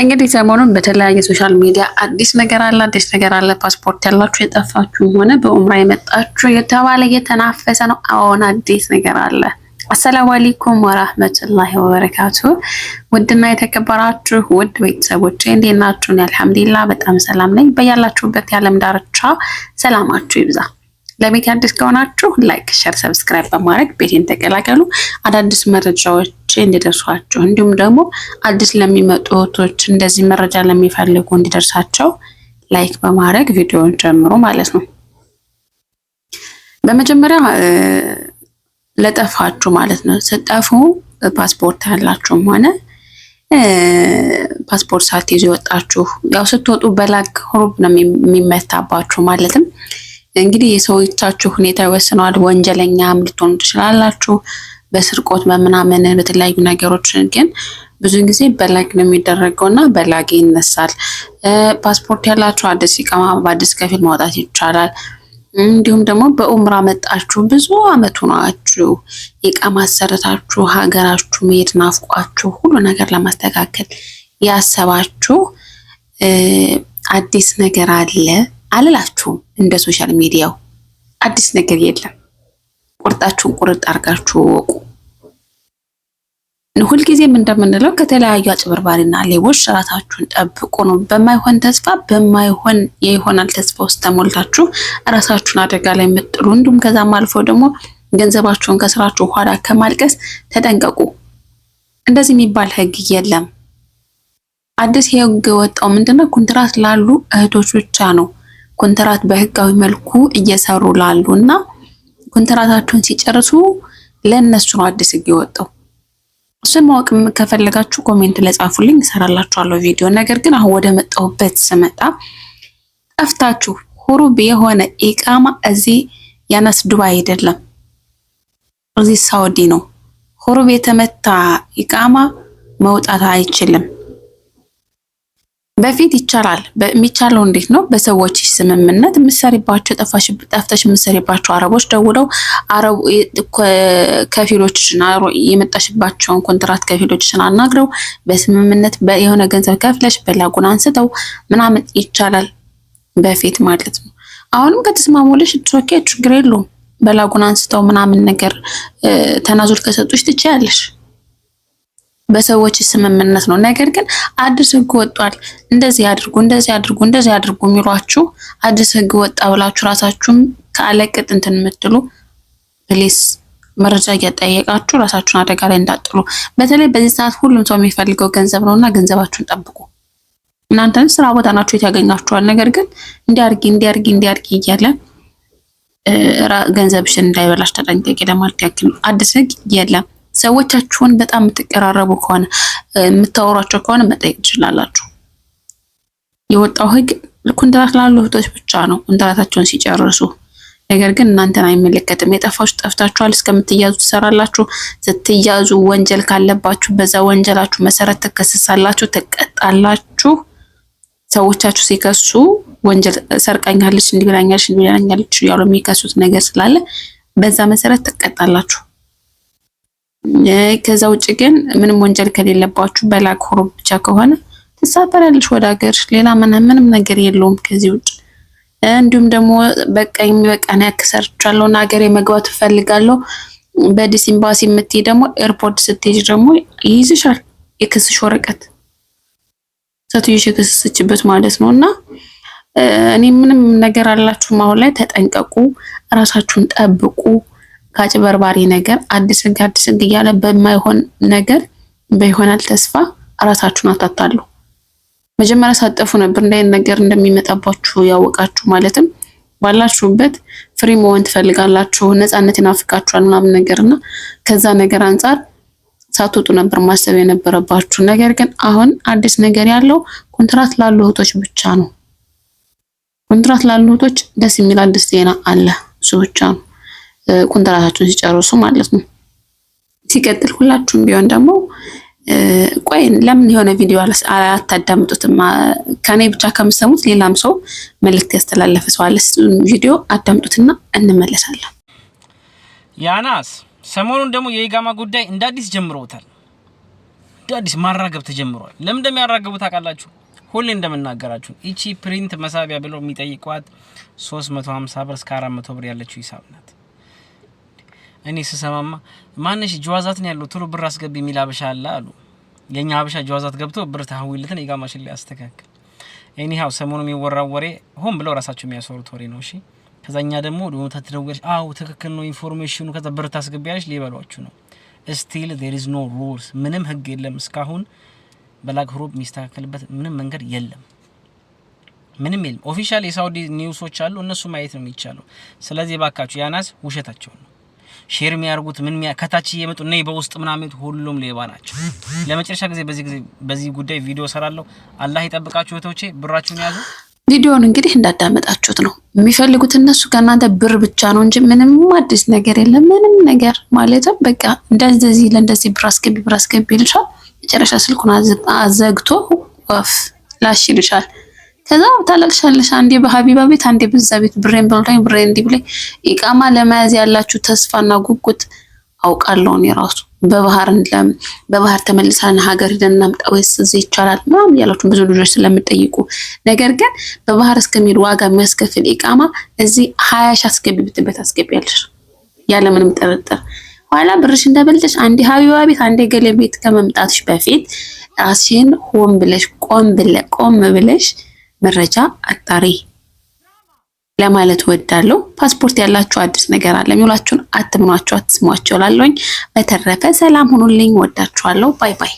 እንግዲህ ሰሞኑን በተለያየ ሶሻል ሚዲያ አዲስ ነገር አለ፣ አዲስ ነገር አለ። ፓስፖርት ያላችሁ የጠፋችሁ ሆነ በኡምራ የመጣችሁ የተባለ እየተናፈሰ ነው። አዎን አዲስ ነገር አለ። አሰላሙ አለይኩም ወራህመቱላሂ ወበረካቱ። ውድና የተከበራችሁ ውድ ቤተሰቦቼ እንዴት ናችሁ? አልሐምዱሊላህ በጣም ሰላም ነኝ። በያላችሁበት የዓለም ዳርቻ ሰላማችሁ ይብዛ። ለቤት አዲስ ከሆናችሁ ላይክ፣ ሸር፣ ሰብስክራይብ በማድረግ ቤቴን ተቀላቀሉ። አዳዲስ መረጃዎች እንዲደርሷችሁ እንዲሁም ደግሞ አዲስ ለሚመጡ እህቶች እንደዚህ መረጃ ለሚፈልጉ እንዲደርሳቸው ላይክ በማድረግ ቪዲዮውን ጀምሩ ማለት ነው። በመጀመሪያ ለጠፋችሁ ማለት ነው ስጠፉ ፓስፖርት ያላችሁም ሆነ ፓስፖርት ሳትይዙ የወጣችሁ ያው ስትወጡ በላክ ሩብ ነው የሚመታባችሁ ማለትም እንግዲህ የሰዎቻችሁ ሁኔታ ይወስነዋል። ወንጀለኛም ልትሆኑ ትችላላችሁ። በስርቆት በምናምን በተለያዩ ነገሮች ግን ብዙ ጊዜ በላግ ነው የሚደረገው እና በላግ ይነሳል። ፓስፖርት ያላችሁ አዲስ ኢቃማ በአዲስ ከፊል ማውጣት ይቻላል። እንዲሁም ደግሞ በኡምራ መጣችሁ ብዙ አመት ሆናችሁ ኢቃማ አሰረታችሁ ሀገራችሁ መሄድ ናፍቋችሁ ሁሉ ነገር ለማስተካከል ያሰባችሁ አዲስ ነገር አለ አልላችሁም። እንደ ሶሻል ሚዲያው አዲስ ነገር የለም። ቁርጣችሁን ቁርጥ አድርጋችሁ ወቁ። ሁልጊዜም እንደምንለው ከተለያዩ አጭበርባሪና ሌቦች ራሳችሁን ጠብቁ ነው። በማይሆን ተስፋ በማይሆን የይሆናል ተስፋ ውስጥ ተሞልታችሁ ራሳችሁን አደጋ ላይ የምጥሉ እንዲሁም ከዛም አልፎ ደግሞ ገንዘባችሁን ከስራችሁ ኋላ ከማልቀስ ተጠንቀቁ። እንደዚህ የሚባል ህግ የለም። አዲስ የህግ የወጣው ምንድነው? ኮንትራት ላሉ እህቶች ብቻ ነው። ኮንትራት በህጋዊ መልኩ እየሰሩ ላሉ እና ኮንትራታቸውን ሲጨርሱ ለእነሱ ነው አዲስ ህግ የወጣው። እሱን ማወቅ ከፈለጋችሁ ኮሜንት ለጻፉልኝ እሰራላችኋለሁ ቪዲዮ። ነገር ግን አሁን ወደ መጣሁበት ስመጣ ጠፍታችሁ ሁሩብ የሆነ ኢቃማ እዚህ ያነስ ዱባይ አይደለም፣ እዚህ ሳውዲ ነው። ሁሩብ የተመታ ኢቃማ መውጣት አይችልም። በፊት ይቻላል። የሚቻለው እንዴት ነው? በሰዎች ስምምነት የምሰሪባቸው ጠፍተሽ የምሰሪባቸው አረቦች ደውለው አረቡ ከፊሎችሽን የመጣሽባቸውን ኮንትራት ከፊሎችን አናግረው በስምምነት የሆነ ገንዘብ ከፍለሽ በላጉን አንስተው ምናምን ይቻላል፣ በፊት ማለት ነው። አሁንም ከተስማሙልሽ ችግር የለውም። በላጉን አንስተው ምናምን ነገር ተናዞል ከሰጡሽ ትችያለሽ። በሰዎች ስምምነት ነው። ነገር ግን አዲስ ህግ ወጧል፣ እንደዚህ አድርጉ፣ እንደዚህ አድርጉ፣ እንደዚህ አድርጉ የሚሏችሁ አዲስ ህግ ወጣ ብላችሁ ራሳችሁም ከአለቅጥ እንትን የምትሉ ፕሊስ መረጃ እያጠየቃችሁ ራሳችሁን አደጋ ላይ እንዳጥሉ። በተለይ በዚህ ሰዓት ሁሉም ሰው የሚፈልገው ገንዘብ ነው እና ገንዘባችሁን ጠብቁ። እናንተን ስራ ቦታ ናችሁ ያገኛችኋል። ነገር ግን እንዲያርጊ እንዲያርጊ እንዲያርጊ እያለ ገንዘብሽን እንዳይበላሽ ተጠንቀቂ ለማለት ያክል አዲስ ህግ የለም። ሰዎቻችሁን በጣም የምትቀራረቡ ከሆነ የምታወሯቸው ከሆነ መጠየቅ ትችላላችሁ። የወጣው ህግ ኮንትራት ላሉ እህቶች ብቻ ነው ኮንትራታቸውን ሲጨርሱ። ነገር ግን እናንተን አይመለከትም። የጠፋችሁ ጠፍታችኋል እስከምትያዙ ትሰራላችሁ። ስትያዙ ወንጀል ካለባችሁ በዛ ወንጀላችሁ መሰረት ትከሰሳላችሁ፣ ትቀጣላችሁ። ሰዎቻችሁ ሲከሱ ወንጀል ሰርቃኛለች፣ እንዲብላኛለች፣ እንዲብላኛለች ያሉ የሚከሱት ነገር ስላለ በዛ መሰረት ትቀጣላችሁ። ከዛ ውጭ ግን ምንም ወንጀል ከሌለባችሁ በላግ ሆሮ ብቻ ከሆነ ትሳፈሪያለሽ ወደ ሀገር። ሌላ ምንም ምንም ነገር የለውም ከዚህ ውጭ። እንዲሁም ደግሞ በቃ የሚበቃን ያክል ሰርቻለሁ እና ሀገር መግባት እፈልጋለሁ። በዲስ ኤምባሲ የምትሄድ ደግሞ ኤርፖርት ስትሄጂ ደግሞ ይይዝሻል የክስሽ ወረቀት ሴትዮሽ የከሰሰችበት ማለት ነው። እና እኔ ምንም ነገር አላችሁም አሁን ላይ ተጠንቀቁ፣ እራሳችሁን ጠብቁ። ከአጭበርባሪ ነገር አዲስ ህግ አዲስ ህግ እያለ በማይሆን ነገር በይሆናል ተስፋ እራሳችሁን አታታሉ። መጀመሪያ ሳጠፉ ነበር እንዳይን ነገር እንደሚመጣባችሁ ያወቃችሁ ማለትም ባላችሁበት ፍሪ መሆን ትፈልጋላችሁ፣ ነፃነት ይናፍቃችኋል ምናምን ነገር እና ከዛ ነገር አንጻር ሳትወጡ ነበር ማሰብ የነበረባችሁ። ነገር ግን አሁን አዲስ ነገር ያለው ኮንትራት ላሉ እህቶች ብቻ ነው። ኮንትራት ላሉ እህቶች ደስ የሚል አዲስ ዜና አለ፣ እሱ ብቻ ነው። ኮንትራታችሁን ሲጨርሱ ማለት ነው። ሲቀጥል ሁላችሁም ቢሆን ደግሞ ቆይ ለምን የሆነ ቪዲዮ አታዳምጡትም? ከኔ ብቻ ከምሰሙት ሌላም ሰው መልእክት ያስተላለፈ ሰው አለ። ቪዲዮ አዳምጡትና እንመለሳለን። ያናስ ሰሞኑን ደግሞ የኢጋማ ጉዳይ እንደ አዲስ ጀምረውታል። እንደ አዲስ ማራገብ ተጀምሯል። ለምን እንደሚያራገቡ ታውቃላችሁ? ሁሌ እንደምናገራችሁ ይቺ ፕሪንት መሳቢያ ብሎ የሚጠይቋት 350 ብር እስከ 400 ብር ያለችው ሂሳብ ናት። እኔ ስሰማማ ማነሽ ጀዋዛት ነው ያለው ቶሎ ብር አስገቢ የሚል ሀበሻ አለ አሉ። የኛ ሀበሻ ጀዋዛት ገብቶ ብር ታህዊልትን የጋማሽን ላይ አስተካክል። ኤኒሃው ሰሞኑ የሚወራው ወሬ ሆን ብለው ራሳቸው የሚያሰሩት ወሬ ነው። እሺ ከዛኛ ደግሞ ደሆኑ ተትደወለች። አዎ ትክክል ነው ኢንፎርሜሽኑ። ከዛ ብር ታስገቢያለች ሊበሏችሁ ነው። ስቲል ዴር ኢዝ ኖ ሩልስ፣ ምንም ህግ የለም እስካሁን በላክ ሩብ የሚስተካከልበት ምንም መንገድ የለም። ምንም የለም። ኦፊሻል የሳውዲ ኒውሶች አሉ፣ እነሱ ማየት ነው የሚቻለው። ስለዚህ ባካችሁ ያናስ ውሸታቸው ነው። ሼር የሚያርጉት ምን ከታች እየመጡ ነይ በውስጥ ምናምን ሁሉም ሌባ ናቸው። ለመጨረሻ ጊዜ በዚህ ጊዜ በዚህ ጉዳይ ቪዲዮ ሰራለሁ። አላህ ይጠብቃችሁ እህቶቼ፣ ብራችሁን ያዙ። ቪዲዮውን እንግዲህ እንዳዳመጣችሁት ነው የሚፈልጉት እነሱ ከእናንተ ብር ብቻ ነው እንጂ ምንም አዲስ ነገር የለም። ምንም ነገር ማለትም በቃ እንደዚህ ለእንደዚህ ብር አስገቢ ብር አስገቢ ይልሻል። መጨረሻ ስልኩን አዘግቶ ወፍ ላሽ ይልሻል። ከዛ ታለቅሻለሽ። አንዴ በሀቢባ ቤት፣ አንዴ በዛ ቤት ብሬን በልቶኝ ብሬን እንዲህ ብለኝ። ኢቃማ ለመያዝ ያላችሁ ተስፋና ጉጉት አውቃለሁ። አውቃለሁን ራሱ በባህር እንደም በባህር ተመልሰን ሀገር ሄደን እናምጣ ወይስ እዚህ ይቻላል ምናምን እያላችሁ ብዙ ልጆች ስለምጠይቁ፣ ነገር ግን በባህር እስከሚሄድ ዋጋ የሚያስከፍል ኢቃማ እዚህ ሀያ ሺህ አስገቢ ብትበት አስገቢያለሽ ምንም ጥርጥር። ኋላ ብርሽ እንደበልጠሽ አንዴ ሀቢባ ቤት አንዴ ገሌ ቤት ከመምጣትሽ በፊት ራስሽን ሆን ብለሽ ቆም ብለ ቆም ብለሽ መረጃ አጣሪ ለማለት ወዳለው ፓስፖርት ያላችሁ አዲስ ነገር አለ የሚውላችሁን አትምኗቸው፣ አትስሟቸው። ላለኝ በተረፈ ሰላም ሁኑልኝ። ወዳችኋለሁ። ባይ ባይ።